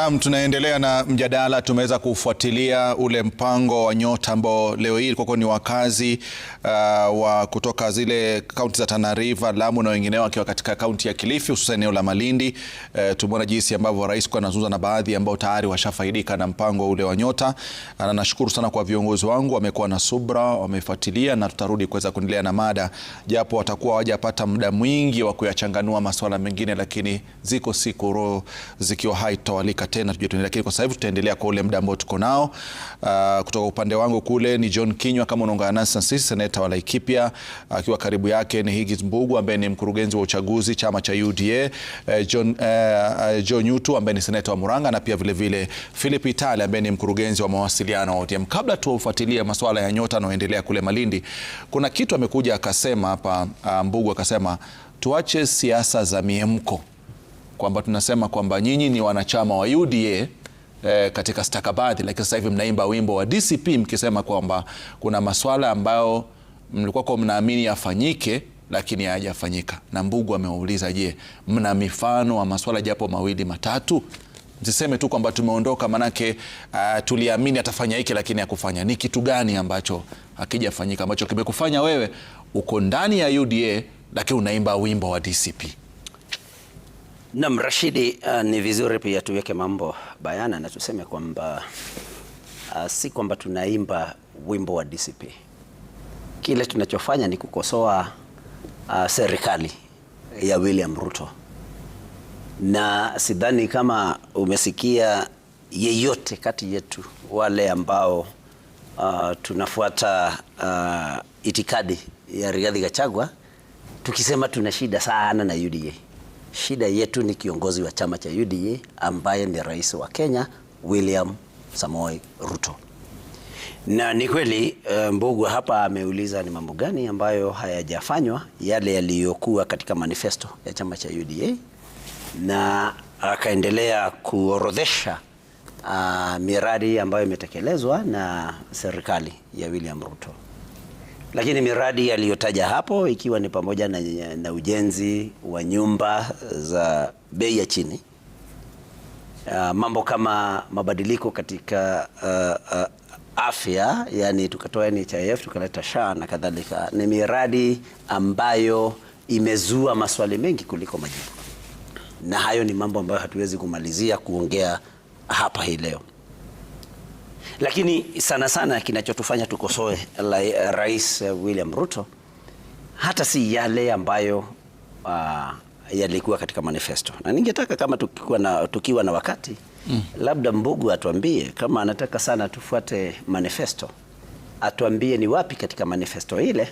Naam, tunaendelea na mjadala. Tumeweza kufuatilia ule mpango wa nyota ambao leo hii ilikuwa ni wakazi uh, wa kutoka zile kaunti za Tana River, Lamu na wengineo wakiwa katika kaunti ya Kilifi, hususan eneo la Malindi. Uh, tumeona jinsi ambavyo rais kwa anazungumza na baadhi ambao tayari washafaidika na mpango ule wa nyota, na nashukuru sana kwa viongozi wangu, wamekuwa na subra, wamefuatilia na tutarudi kuweza kuendelea na mada, japo watakuwa hawajapata muda mwingi wa kuyachanganua masuala mengine, lakini ziko siku roho zikiwa hai tutawalika tena tujue tunaenda, lakini kwa sasa hivi tutaendelea kwa ule muda ambao tuko nao. Uh, kutoka upande wangu kule ni John Kinywa, kama unaungana nasi na sisi, seneta wa Laikipia akiwa uh, karibu yake ni Higits Mbugu ambaye ni mkurugenzi wa uchaguzi chama cha UDA, uh, eh, John, uh, John Yutu ambaye ni seneta wa Murang'a na pia vile vile Philip Itali ambaye ni mkurugenzi wa mawasiliano wa ODM. Kabla tuwafuatilie masuala ya nyota yanayoendelea kule Malindi, kuna kitu amekuja akasema hapa, uh, Mbugu akasema tuache siasa za miemko kwamba tunasema kwamba nyinyi ni wanachama wa UDA E, eh, katika stakabadhi, lakini sasa hivi mnaimba wimbo wa DCP mkisema kwamba kuna maswala ambayo mlikuwa kwa mnaamini yafanyike lakini hayajafanyika. Na Mbugu amewauliza, je, mna mifano wa maswala japo mawili matatu? Msiseme tu kwamba tumeondoka manake uh, tuliamini atafanya hiki lakini hakufanya. Ni kitu gani ambacho hakijafanyika ambacho kimekufanya wewe uko ndani ya UDA lakini unaimba wimbo wa DCP? Naam, Rashidi, uh, ni vizuri pia tuweke mambo bayana na tuseme kwamba uh, si kwamba tunaimba wimbo wa DCP. Kile tunachofanya ni kukosoa uh, serikali ya William Ruto, na sidhani kama umesikia yeyote kati yetu wale ambao uh, tunafuata uh, itikadi ya Rigathi Gachagua tukisema tuna shida sana na UDA. Shida yetu ni kiongozi wa chama cha UDA e ambaye ni rais wa Kenya William Samoei Ruto. Na ni kweli eh, Mbugu hapa ameuliza ni mambo gani ambayo hayajafanywa yale yaliyokuwa katika manifesto ya chama cha UDA, e, na akaendelea kuorodhesha uh, miradi ambayo imetekelezwa na serikali ya William Ruto. Lakini miradi aliyotaja hapo ikiwa ni pamoja na, na ujenzi wa nyumba za bei ya chini. Uh, mambo kama mabadiliko katika uh, uh, afya yani tukatoa NHIF tukaleta SHA na kadhalika, ni miradi ambayo imezua maswali mengi kuliko majibu, na hayo ni mambo ambayo hatuwezi kumalizia kuongea hapa hii leo. Lakini sana sana kinachotufanya tukosoe eh, Rais eh, William Ruto hata si yale ambayo uh, yalikuwa katika manifesto, na ningetaka kama tukiwa na, tukiwa na wakati mm, labda Mbugu atuambie kama anataka sana tufuate manifesto, atuambie ni wapi katika manifesto ile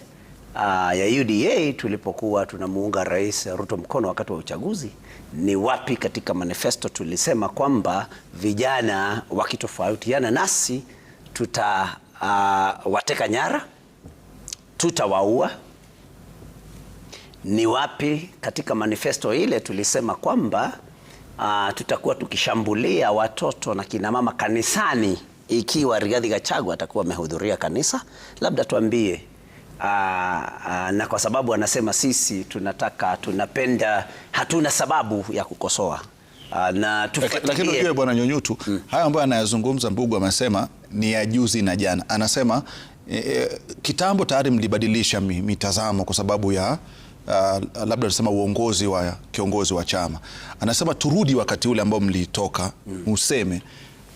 uh, ya UDA tulipokuwa tunamuunga Rais Ruto mkono wakati wa uchaguzi, ni wapi katika manifesto tulisema kwamba vijana wakitofautiana nasi tutawateka ah, nyara, tutawaua? Ni wapi katika manifesto ile tulisema kwamba Uh, tutakuwa tukishambulia watoto na kina mama kanisani ikiwa Rigathi Gachagua atakuwa amehudhuria kanisa. Labda tuambie Aa, ah, aa, ah, na kwa sababu anasema sisi tunataka tunapenda, hatuna sababu ya kukosoa aa, ah, na lakini unajua bwana Nyunyutu mm. haya ambayo anayazungumza Mbugu amesema ni ya juzi na jana, anasema e, e kitambo tayari mlibadilisha mitazamo kwa sababu ya uh, labda nasema uongozi wa kiongozi wa chama, anasema turudi wakati ule ambao mlitoka mm. useme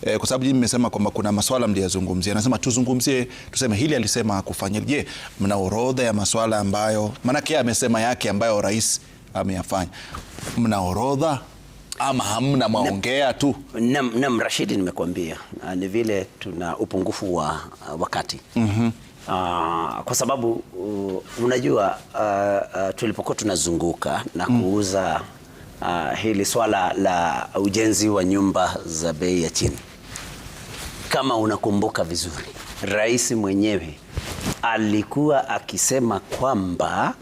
eh, kwa sababu mmesema kwamba kuna maswala mliyazungumzia, anasema tuzungumzie, tuseme hili alisema kufanya. Je, mna orodha ya maswala ambayo maanake amesema yake ambayo rais ameyafanya, mna orodha ama hamna, mwaongea tu? Naam, naam Rashidi, nimekuambia ah, ni vile tuna upungufu wa ah, wakati mm -hmm. Uh, kwa sababu uh, unajua uh, uh, tulipokuwa tunazunguka na mm. kuuza uh, hili swala la ujenzi wa nyumba za bei ya chini kama unakumbuka vizuri, rais mwenyewe alikuwa akisema kwamba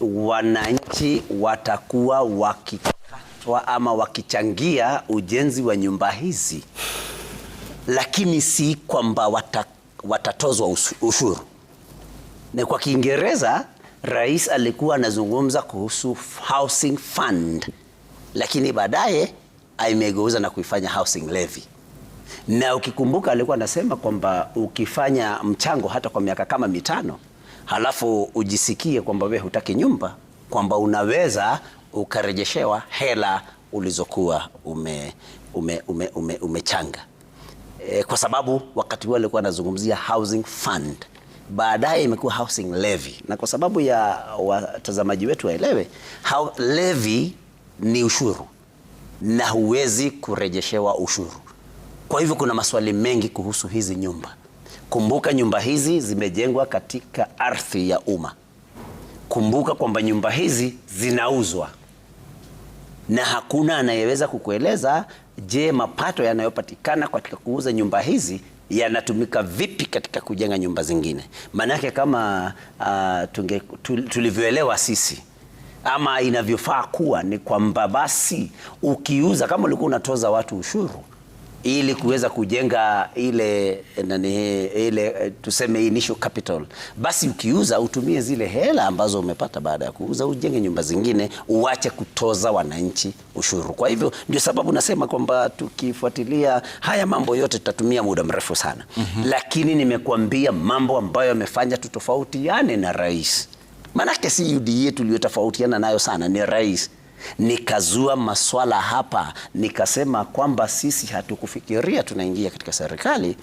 wananchi watakuwa wakikatwa ama wakichangia ujenzi wa nyumba hizi, lakini si kwamba wata, watatozwa ushuru. Na kwa Kiingereza rais alikuwa anazungumza kuhusu housing fund, lakini baadaye aimegeuza na kuifanya housing levy na ukikumbuka alikuwa anasema kwamba ukifanya mchango hata kwa miaka kama mitano halafu ujisikie kwamba wewe hutaki nyumba, kwamba unaweza ukarejeshewa hela ulizokuwa ume, ume, ume, ume, umechanga e, kwa sababu wakati huo alikuwa anazungumzia housing fund, baadaye imekuwa housing levy. Na kwa sababu ya watazamaji wetu waelewe, levy ni ushuru na huwezi kurejeshewa ushuru kwa hivyo kuna maswali mengi kuhusu hizi nyumba. Kumbuka nyumba hizi zimejengwa katika ardhi ya umma. Kumbuka kwamba nyumba hizi zinauzwa na hakuna anayeweza kukueleza, je, mapato yanayopatikana katika kuuza nyumba hizi yanatumika vipi katika kujenga nyumba zingine? Maanake kama uh, tunge, tulivyoelewa sisi ama inavyofaa kuwa ni kwamba basi ukiuza, kama ulikuwa unatoza watu ushuru ili kuweza kujenga ile nani, ile eh, tuseme initial capital, basi ukiuza utumie zile hela ambazo umepata baada ya kuuza ujenge nyumba zingine, uache kutoza wananchi ushuru. Kwa hivyo ndio sababu nasema kwamba tukifuatilia haya mambo yote tutatumia muda mrefu sana mm -hmm. Lakini nimekuambia mambo ambayo yamefanya tutofautiane na rais, maanake si UDA tuliyotofautiana nayo sana ni rais nikazua maswala hapa, nikasema kwamba sisi hatukufikiria tunaingia katika serikali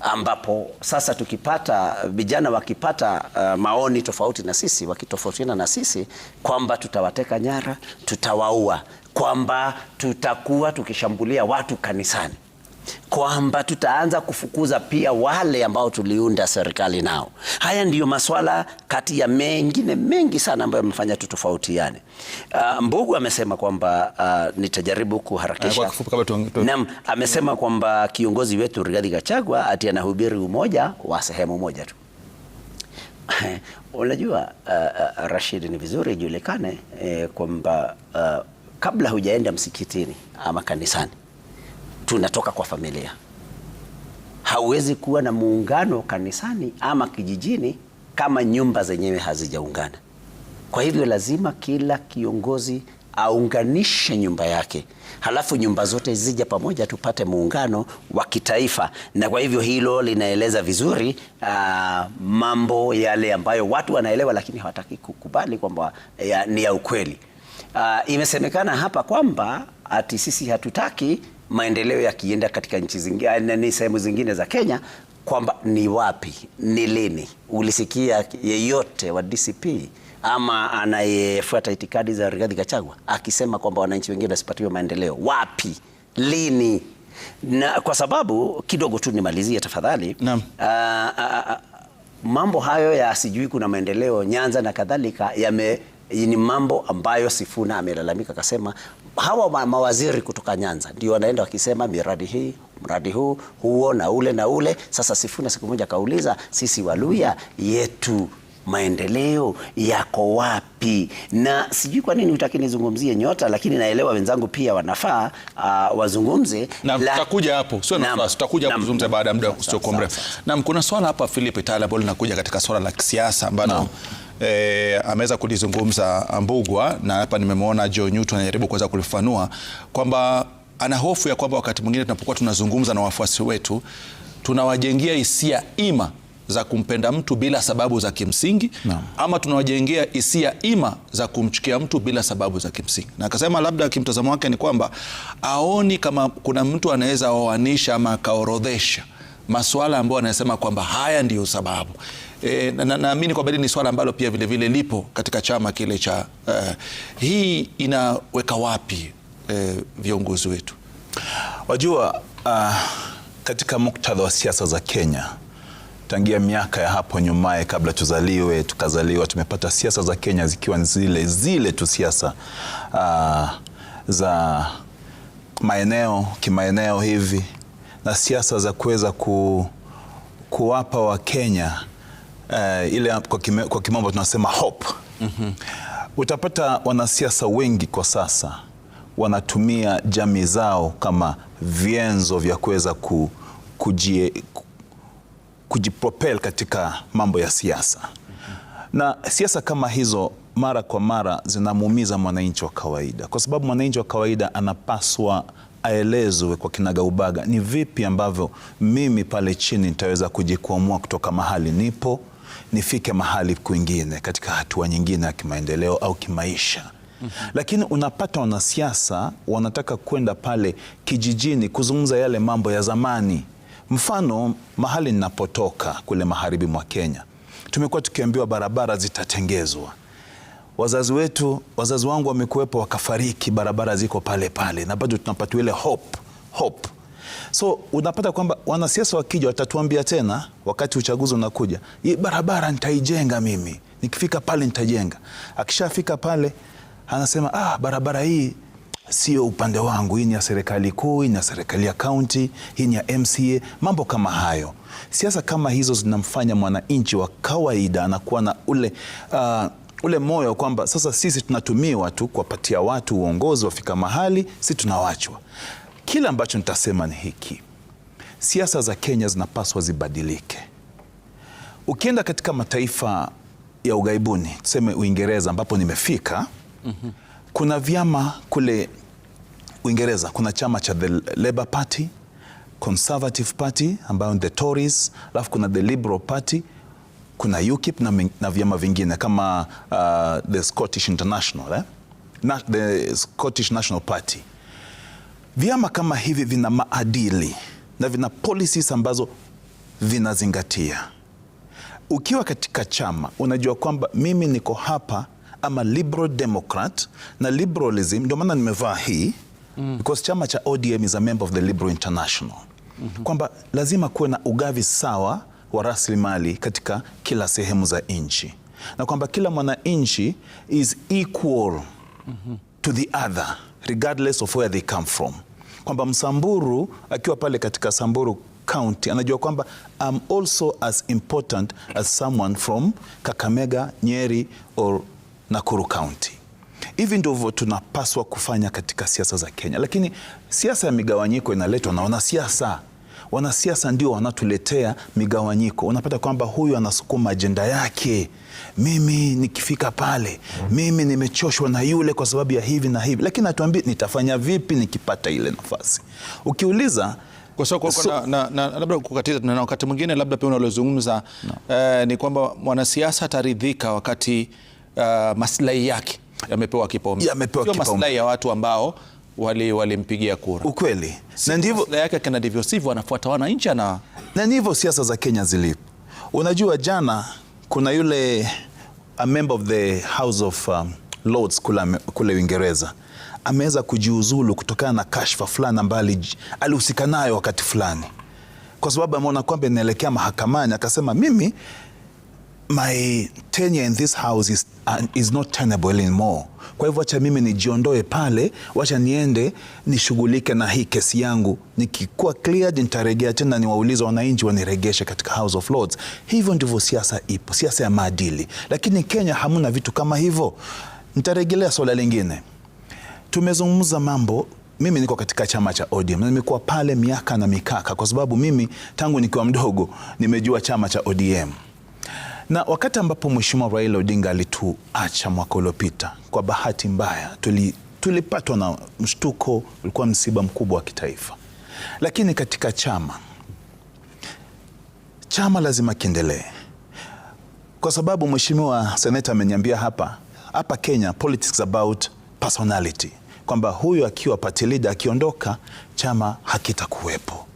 ambapo sasa tukipata vijana wakipata uh, maoni tofauti na sisi, wakitofautiana na sisi kwamba tutawateka nyara, tutawaua, kwamba tutakuwa tukishambulia watu kanisani kwamba tutaanza kufukuza pia wale ambao tuliunda serikali nao. Haya ndiyo maswala kati ya mengine mengi sana ambayo yamefanya tutofautiane. Uh, Mbugu amesema kwamba uh, nitajaribu kuharakisha. Naam, amesema kwamba kiongozi wetu Rigathi Gachagua ati anahubiri umoja wa sehemu moja tu. Unajua uh, uh, Rashid, ni vizuri ijulikane eh, kwamba uh, kabla hujaenda msikitini ama kanisani tunatoka kwa familia. Hauwezi kuwa na muungano kanisani ama kijijini kama nyumba zenyewe hazijaungana. Kwa hivyo lazima kila kiongozi aunganishe nyumba yake, halafu nyumba zote zija pamoja, tupate muungano wa kitaifa. Na kwa hivyo hilo linaeleza vizuri uh, mambo yale ambayo watu wanaelewa lakini hawataki kukubali kwamba eh, ni ya ukweli. Uh, imesemekana hapa kwamba ati sisi hatutaki maendeleo yakienda katika nchi zingine ah, ni sehemu zingine za Kenya kwamba ni wapi, ni lini. Ulisikia yeyote wa DCP ama anayefuata itikadi za Rigathi Gachagua akisema kwamba wananchi wengine wasipatiwe maendeleo? Wapi, lini? Na kwa sababu kidogo tu nimalizie tafadhali. Naam. Ah, ah, mambo hayo ya sijui kuna maendeleo Nyanza na kadhalika yame ni mambo ambayo Sifuna amelalamika, akasema hawa mawaziri kutoka Nyanza ndio wanaenda wakisema miradi hii mradi huu huo na ule na ule. Sasa Sifuna siku moja akauliza, sisi Waluya yetu maendeleo yako wapi? Na sijui kwa nini utaki nizungumzie nyota, lakini naelewa wenzangu pia wanafaa uh, wazungumze na tutakuja hapo, sio nafasi, tutakuja hapo kuzungumza baada ya muda usiokuwa mrefu. Na kuna swala hapa Philip Tala ambalo linakuja katika swala la kisiasa ambalo e, ameweza kulizungumza Mbugua na hapa nimemwona Joe Newton anajaribu kuweza kulifanua kwamba ana hofu ya kwamba wakati mwingine tunapokuwa tunazungumza na wafuasi wetu tunawajengea hisia ima za kumpenda mtu bila sababu za kimsingi no. Ama tunawajengea hisia ima za kumchukia mtu bila sababu za kimsingi. Na akasema labda kimtazamo wake ni kwamba aoni kama kuna mtu anaweza oanisha ama akaorodhesha masuala ambayo anasema kwamba haya ndiyo sababu e, naamini na, kwamba hili ni swala ambalo pia vilevile vile lipo katika chama kile cha uh, hii inaweka wapi uh, viongozi wetu? Wajua uh, katika muktadha wa siasa za Kenya tangia miaka ya hapo nyumaye kabla tuzaliwe tukazaliwa, tumepata siasa za Kenya zikiwa zile zile tu siasa uh, za maeneo kimaeneo hivi na siasa za kuweza ku, kuwapa Wakenya uh, ile kwa, kime, kwa kimombo tunasema hope mm -hmm. Utapata wanasiasa wengi kwa sasa wanatumia jamii zao kama vyenzo vya kuweza ku, kujie, kujipropel katika mambo ya siasa mm -hmm. Na siasa kama hizo mara kwa mara zinamuumiza mwananchi wa kawaida, kwa sababu mwananchi wa kawaida anapaswa aelezwe kwa kinagaubaga ni vipi ambavyo mimi pale chini nitaweza kujikwamua kutoka mahali nipo nifike mahali kwingine katika hatua nyingine ya kimaendeleo au kimaisha. Mm -hmm. Lakini unapata wanasiasa wanataka kwenda pale kijijini kuzungumza yale mambo ya zamani. Mfano, mahali ninapotoka kule magharibi mwa Kenya, tumekuwa tukiambiwa barabara zitatengezwa. Wazazi wetu, wazazi wangu wamekuwepo wakafariki, barabara ziko pale pale, na bado tunapatiwa ile hope hope So unapata kwamba wanasiasa wakija watatuambia tena wakati uchaguzi unakuja, hii barabara nitaijenga mimi, nikifika pale nitajenga. Akishafika pale anasema ah, barabara hii sio upande wangu, hii ni ya serikali kuu, hii ni ya serikali ya kaunti, hii ni ya MCA, mambo kama hayo. Siasa kama hizo zinamfanya mwananchi wa kawaida anakuwa na ule uh, ule moyo kwamba sasa sisi tunatumiwa tu kuwapatia watu uongozi, wafika mahali si tunawachwa. Kile ambacho nitasema ni hiki, siasa za Kenya zinapaswa zibadilike. Ukienda katika mataifa ya ughaibuni, tuseme Uingereza ambapo nimefika, mm -hmm. kuna vyama kule Uingereza, kuna chama cha the Labour Party, Conservative Party ambayo ni the Tories, alafu kuna the Liberal Party kuna UKIP na, na vyama vingine kama uh, the Scottish International eh? na, the Scottish National Party Vyama kama hivi vina maadili na vina policies ambazo vinazingatia. Ukiwa katika chama unajua kwamba mimi niko hapa ama liberal democrat na liberalism, ndio maana nimevaa hii mm. because chama cha ODM is a member of the Liberal International mm -hmm. kwamba lazima kuwe na ugavi sawa wa rasilimali katika kila sehemu za nchi na kwamba kila mwananchi is equal mm -hmm. to the other regardless of where they come from kwamba Msamburu akiwa pale katika Samburu County anajua kwamba I'm also as important as someone from Kakamega, Nyeri or Nakuru County. Hivi ndivyo tunapaswa kufanya katika siasa za Kenya, lakini siasa ya migawanyiko inaletwa na wanasiasa. Wanasiasa ndio wanatuletea migawanyiko. Unapata kwamba huyu anasukuma ajenda yake mimi nikifika pale mimi nimechoshwa na yule kwa sababu ya hivi na hivi, lakini atuambie nitafanya vipi nikipata ile nafasi. Ukiuliza kwa sababu so, na, na, na, labda kukatiza, na wakati mwingine labda pia unalozungumza no. eh, ni kwamba mwanasiasa ataridhika wakati uh, maslahi yake yamepewa kipaumbele, yamepewa maslahi ya watu ambao walimpigia wali kura ukweli, na ndivyo yake kana ndivyo sivyo, anafuata wananchi na na ndivyo siasa za Kenya zilipo. Unajua jana kuna yule a member of the House of um, Lords kule Uingereza ameweza kujiuzulu kutokana na kashfa fulani ambayo alihusika nayo wakati fulani, kwa sababu ameona kwamba inaelekea mahakamani, akasema mimi my tenure in this house is, uh, is not tenable anymore. Kwa hivyo wacha mimi nijiondoe pale, wacha niende nishughulike na hii kesi yangu. Nikikuwa cleared nitarejea tena niwaulize wananchi waniregeshe katika House of Lords. Hivyo ndivyo siasa ipo, siasa ya maadili. Lakini Kenya hamuna vitu kama hivyo. Nitaregelea swala lingine. Tumezungumza mambo mimi niko katika chama cha ODM na nimekuwa pale miaka na mikaka, kwa sababu mimi tangu nikiwa mdogo nimejua chama cha ODM. mm na wakati ambapo Mheshimiwa Raila Odinga alituacha mwaka uliopita, kwa bahati mbaya tulipatwa na mshtuko, ulikuwa msiba mkubwa wa kitaifa, lakini katika chama chama lazima kiendelee, kwa sababu mheshimiwa seneta ameniambia hapa hapa Kenya, politics about personality, kwamba huyu akiwa party leader akiondoka, chama hakitakuwepo.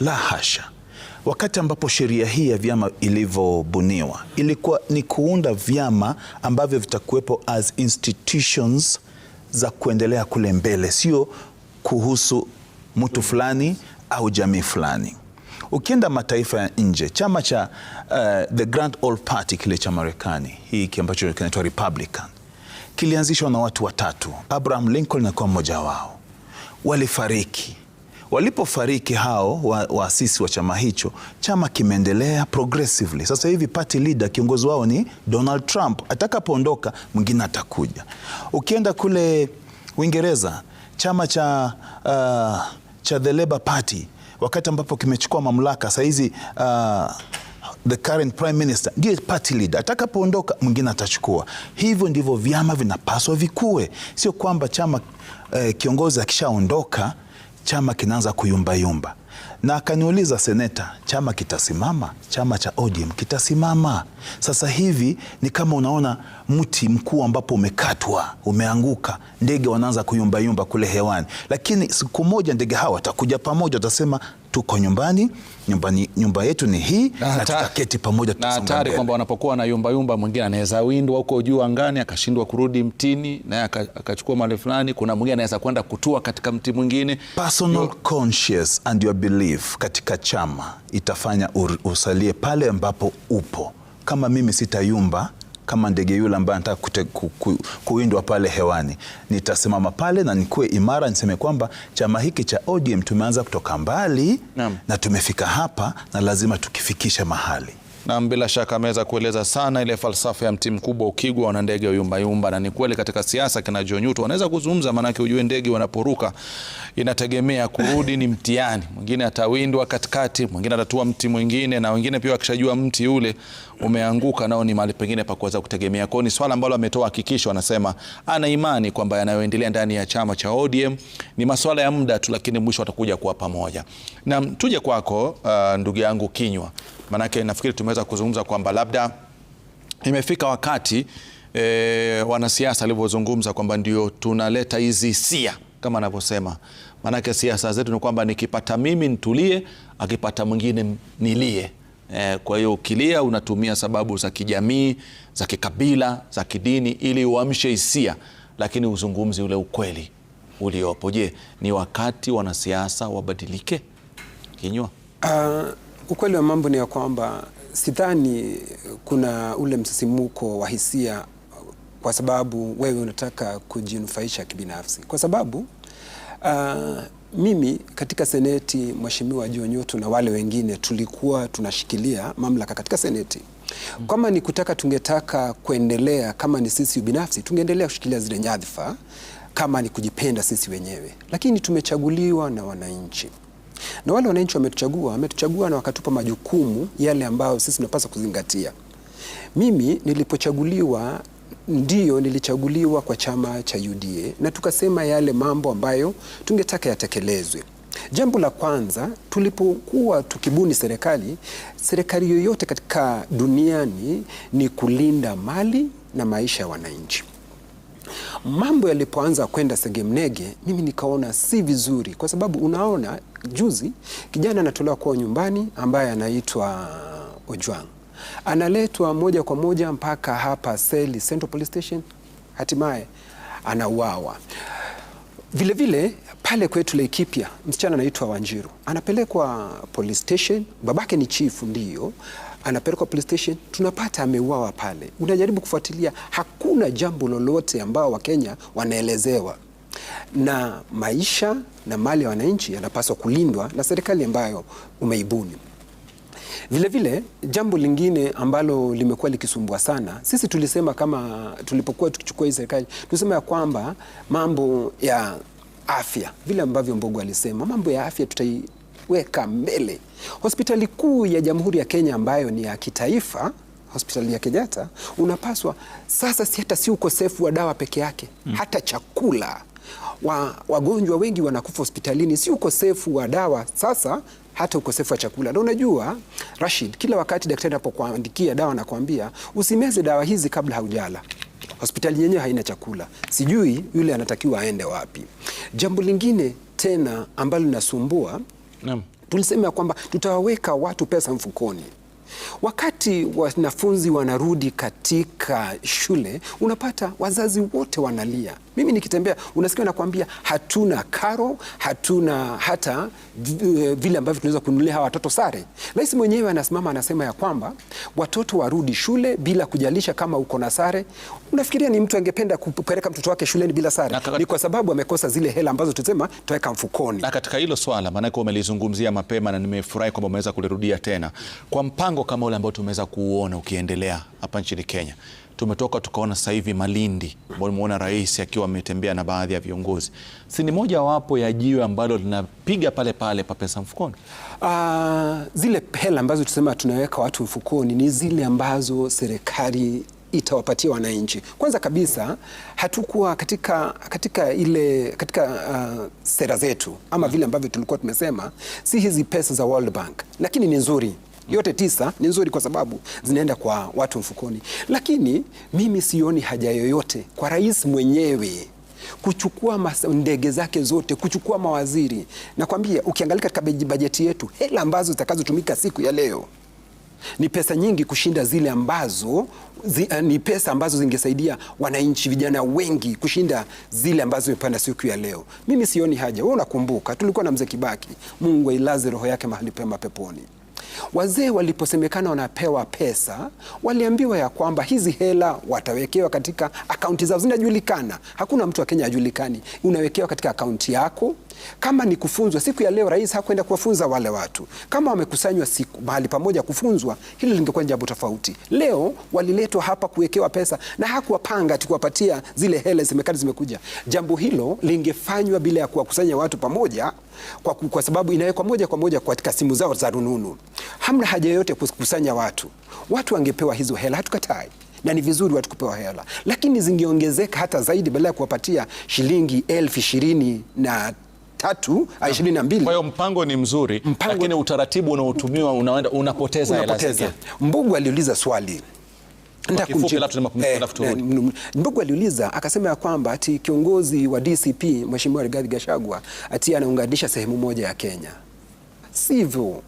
La hasha. Wakati ambapo sheria hii ya vyama ilivyobuniwa ilikuwa ni kuunda vyama ambavyo vitakuwepo as institutions za kuendelea kule mbele, sio kuhusu mtu fulani au jamii fulani. Ukienda mataifa ya nje, chama cha uh, the Grand Old Party kile cha Marekani, hiki ambacho kinaitwa Republican kilianzishwa na watu watatu, Abraham Lincoln nakuwa mmoja wao, walifariki Walipofariki hao waasisi wa, wa chama hicho, chama kimeendelea progressively. Sasa hivi party leader kiongozi wao ni Donald Trump, atakapoondoka mwingine atakuja. Ukienda kule Uingereza, chama cha, uh, cha the Labour Party wakati ambapo kimechukua mamlaka sahizi hizi uh, the current prime minister ndiye party leader, atakapoondoka mwingine atachukua. Hivyo ndivyo vyama vinapaswa vikue, sio kwamba chama uh, kiongozi akishaondoka chama kinaanza kuyumbayumba, na akaniuliza seneta, chama kitasimama? Chama cha ODM kitasimama. Sasa hivi ni kama unaona mti mkuu ambapo umekatwa, umeanguka, ndege wanaanza kuyumbayumba kule hewani, lakini siku moja ndege hawa watakuja pamoja, watasema tuko nyumbani, nyumbani, nyumba yetu ni hii na, tutaketi pamoja na hatari kwamba wanapokuwa na yumba yumba, mwingine anaweza windwa huko juu angani akashindwa kurudi mtini naye akachukua mali fulani. Kuna mwingine anaweza kwenda kutua katika mti mwingine. Personal conscience and your belief katika chama itafanya usalie pale ambapo upo. Kama mimi sitayumba kama ndege yule ambaye anataka ku, ku, kuwindwa pale hewani. Nitasimama pale na nikuwe imara, niseme kwamba chama hiki cha ODM tumeanza kutoka mbali na, na tumefika hapa na lazima tukifikishe mahali na bila shaka ameweza kueleza sana ile falsafa ya mti mkubwa ukigwa na ndege uyumbayumba, na ni kweli katika siasa kinachonyuta anaweza kuzungumza, maanake ujue ndege wanaporuka inategemea kurudi ni mtihani. Mwingine atawindwa katikati, mwingine atatua mti mwingine, na wengine pia wakishajua mti ule umeanguka nao ni mahali pengine pa kuweza kutegemea. Kwao ni swala ambalo ametoa hakikisho, anasema ana imani kwamba yanayoendelea ndani ya chama cha ODM ni masuala ya muda tu, lakini mwisho watakuja kuwa pamoja. Na tuje kwako, uh, ndugu yangu Kinywa, maanake nafikiri tumeweza kuzungumza kwamba labda imefika wakati e, wanasiasa alivyozungumza kwamba ndio tunaleta hizi hisia kama anavyosema maanake siasa zetu ni kwamba nikipata mimi nitulie, akipata mwingine nilie. E, kwa hiyo ukilia unatumia sababu za kijamii, za kikabila, za kidini ili uamshe hisia, lakini uzungumzi ule ukweli uliopo. Je, ni wakati wanasiasa wabadilike? Kinywa, uh, ukweli wa mambo ni ya kwamba sidhani kuna ule msisimuko wa hisia kwa sababu wewe unataka kujinufaisha kibinafsi, kwa sababu uh, mimi katika seneti, Mheshimiwa John Nyoto na wale wengine tulikuwa tunashikilia mamlaka katika seneti. Kama ni kutaka, tungetaka kuendelea, kama ni sisi binafsi tungeendelea kushikilia zile nyadhifa, kama ni kujipenda sisi wenyewe, lakini tumechaguliwa na wananchi na wale wananchi wametuchagua, wametuchagua na wakatupa majukumu yale ambayo sisi tunapaswa kuzingatia. Mimi nilipochaguliwa ndiyo nilichaguliwa kwa chama cha UDA na tukasema yale mambo ambayo tungetaka yatekelezwe. Jambo la kwanza, tulipokuwa tukibuni serikali, serikali yoyote katika duniani ni kulinda mali na maisha ya wananchi. Mambo yalipoanza kwenda segemnege, mimi nikaona si vizuri, kwa sababu unaona, juzi kijana anatolewa kwao nyumbani ambaye anaitwa Ojwang analetwa moja kwa moja mpaka hapa Seli Central Police Station, hatimaye anauawa. Vilevile pale kwetu Laikipia, msichana anaitwa Wanjiru anapelekwa police station. Babake ni chifu, ndiyo anapelekwa police station, tunapata ameuawa pale. Unajaribu kufuatilia, hakuna jambo lolote ambao Wakenya wanaelezewa na maisha na mali ya wananchi yanapaswa kulindwa na serikali ambayo umeibuni. Vilevile jambo lingine ambalo limekuwa likisumbua sana, sisi tulisema kama tulipokuwa tukichukua hii serikali, tulisema ya kwamba mambo ya afya, vile ambavyo Mbogo alisema, mambo ya afya tutaiweka mbele. Hospitali kuu ya Jamhuri ya Kenya ambayo ni ya kitaifa hospitali ya Kenyatta unapaswa sasa, si hata si ukosefu wa dawa peke yake mm, hata chakula wa, wagonjwa wengi wanakufa hospitalini, si ukosefu wa dawa sasa hata ukosefu wa chakula. Na unajua Rashid, kila wakati daktari anapokuandikia dawa nakwambia usimeze dawa hizi kabla haujala. Hospitali yenyewe haina chakula, sijui yule anatakiwa aende wapi. Jambo lingine tena ambalo linasumbua naam, tulisema kwamba tutawaweka watu pesa mfukoni Wakati wanafunzi wanarudi katika shule, unapata wazazi wote wanalia. Mimi nikitembea unasikia nakwambia, hatuna karo, hatuna hata eh, vile ambavyo tunaweza kununulia hawa watoto sare. Rais mwenyewe anasimama anasema ya kwamba watoto warudi shule bila kujalisha kama uko na sare. Unafikiria ni mtu angependa kupeleka mtoto wake shuleni bila sare? Ni kwa sababu amekosa zile hela ambazo tutasema tutaweka mfukoni. Na katika hilo swala, maanake umelizungumzia mapema na nimefurahi kwamba umeweza kulirudia tena, kwa mpango kama ule ambao tumeweza kuuona ukiendelea hapa nchini Kenya tumetoka tukaona sasa hivi Malindi ambao tumeona rais akiwa ametembea na baadhi ya viongozi, si ni moja wapo ya jiwe ambalo linapiga pale pale pa pesa mfukoni? Uh, zile pela ambazo tusema tunaweka watu mfukoni ni zile ambazo serikali itawapatia wananchi. Kwanza kabisa hatukuwa katika, katika, ile, katika uh, sera zetu ama vile ambavyo tulikuwa tumesema, si hizi pesa za World Bank, lakini ni nzuri yote tisa ni nzuri kwa sababu zinaenda kwa watu mfukoni, lakini mimi sioni haja yoyote kwa rais mwenyewe kuchukua ndege zake zote, kuchukua mawaziri. Nakwambia, ukiangalia katika bajeti yetu, hela ambazo zitakazotumika siku ya leo ni pesa nyingi kushinda zile ambazo zi, uh, ni pesa ambazo zingesaidia wananchi vijana wengi kushinda zile ambazo zimepanda siku ya leo. Mimi sioni haja. Wewe unakumbuka tulikuwa na mzee Kibaki, Mungu ailaze roho yake mahali pema peponi. Wazee waliposemekana wanapewa pesa, waliambiwa ya kwamba hizi hela watawekewa katika akaunti zao, zinajulikana. Hakuna mtu wa Kenya ajulikani, unawekewa katika akaunti yako kama ni kufunzwa, siku ya leo rais hakwenda kuwafunza wale watu. Kama wamekusanywa mahali pamoja kufunzwa, hilo lingekuwa jambo tofauti. Leo waliletwa hapa kuwekewa pesa na hakuwapanga ati kuwapatia zile hela zimekali zimekuja. Jambo hilo lingefanywa bila ya kuwakusanya watu pamoja kwa, kwa sababu inawekwa moja kwa moja katika simu zao za rununu. Hamna haja yoyote kukusanya watu. Watu wangepewa hizo hela, hatukatai na ni vizuri watu kupewa hela, lakini zingeongezeka hata zaidi, badala ya kuwapatia shilingi elfu ishirini na tatu ah, ishirini na mbili. Kwa hiyo mpango ni mzuri, lakini utaratibu unaotumiwa unaenda unapoteza hela zake. Mbugu aliuliza swali Ndugu eh, eh, aliuliza akasema ya kwamba ati kiongozi wa DCP Mheshimiwa Rigathi Gachagua ati anaunganisha sehemu moja ya Kenya. Sivyo.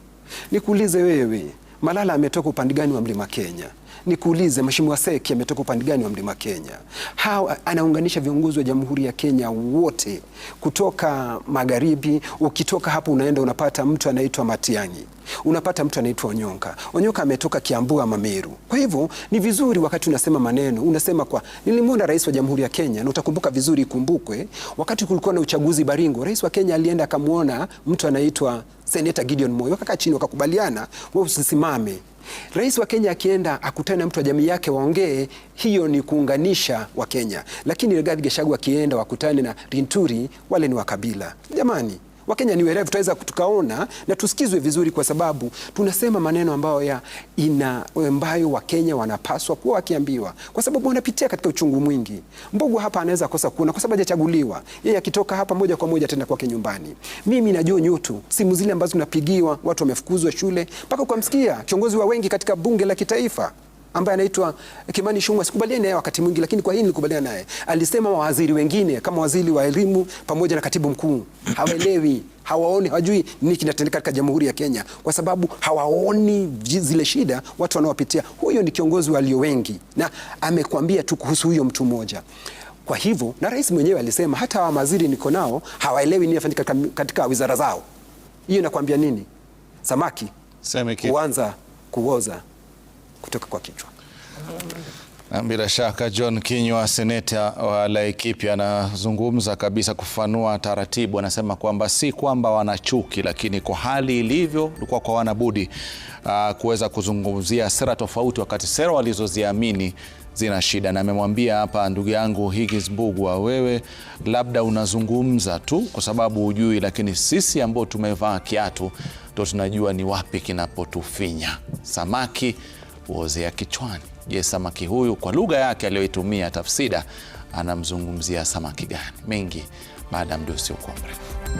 Nikuulize wewe, Malala ametoka upande gani wa mlima Kenya? nikuulize Mheshimiwa Seki ametoka upande gani wa mlima Kenya? Hao anaunganisha viongozi wa Jamhuri ya Kenya wote kutoka magharibi. Ukitoka hapo unaenda unapata mtu anaitwa Matiang'i, unapata mtu anaitwa Onyonka. Onyonka ametoka Kiambu ama Meru. Kwa hivyo ni vizuri wakati unasema maneno unasema kwa, nilimwona rais wa Jamhuri ya Kenya na utakumbuka vizuri, ikumbukwe wakati kulikuwa na uchaguzi Baringo, rais wa Kenya alienda akamwona mtu anaitwa Seneta Gideon Moi, wakakaa chini wakakubaliana, wewe usisimame Rais wa Kenya akienda akutane na mtu wa jamii yake waongee, hiyo ni kuunganisha Wakenya. Lakini Rigathi Gachagua akienda wakutane na Rinturi, wale ni wa kabila. Jamani, Wakenya ni werevu, tutaweza tukaona na tusikizwe vizuri, kwa sababu tunasema maneno ambayo ya ina ambayo Wakenya wanapaswa kuwa wakiambiwa, kwa sababu wanapitia katika uchungu mwingi. Mbogo hapa anaweza kosa kuona kwa sababu hajachaguliwa. Yeye akitoka hapa moja kwa moja tena kwake nyumbani. Mimi najua nyutu, simu zile ambazo tunapigiwa, watu wamefukuzwa shule, mpaka ukamsikia kiongozi wa wengi katika bunge la kitaifa ambaye anaitwa Kimani Ichung'wa, sikubaliani naye wakati mwingi, lakini kwa hii nilikubaliana naye. Alisema mawaziri wengine kama waziri wa elimu pamoja na katibu mkuu hawaelewi, hawaoni, hawajui nini kinatendeka katika Jamhuri ya Kenya kwa sababu hawaoni zile shida watu wanaopitia. Huyo ni kiongozi walio wengi, na amekwambia tu kuhusu huyo mtu mmoja. Kwa hivyo na rais mwenyewe alisema hata hawa waziri niko nao hawaelewi nini nafanyika katika wizara zao. Hiyo inakwambia nini? Samaki kuanza kuoza kutoka kwa kichwa. Bila shaka John kinywa seneta wa Laikipia, anazungumza kabisa kufanua taratibu. Anasema kwamba si kwamba wana chuki, lakini kwa hali ilivyo kwa kwa wanabudi uh, ah, kuweza kuzungumzia sera tofauti, wakati sera walizoziamini zina shida. Na amemwambia hapa ndugu yangu Higgins Mbugua, wewe labda unazungumza tu kwa sababu hujui, lakini sisi ambao tumevaa kiatu ndo tunajua ni wapi kinapotufinya samaki kuozea kichwani. Je, samaki huyu kwa lugha yake aliyoitumia tafsida anamzungumzia samaki gani? Mengi baada ya muda usiokuwa mrefu.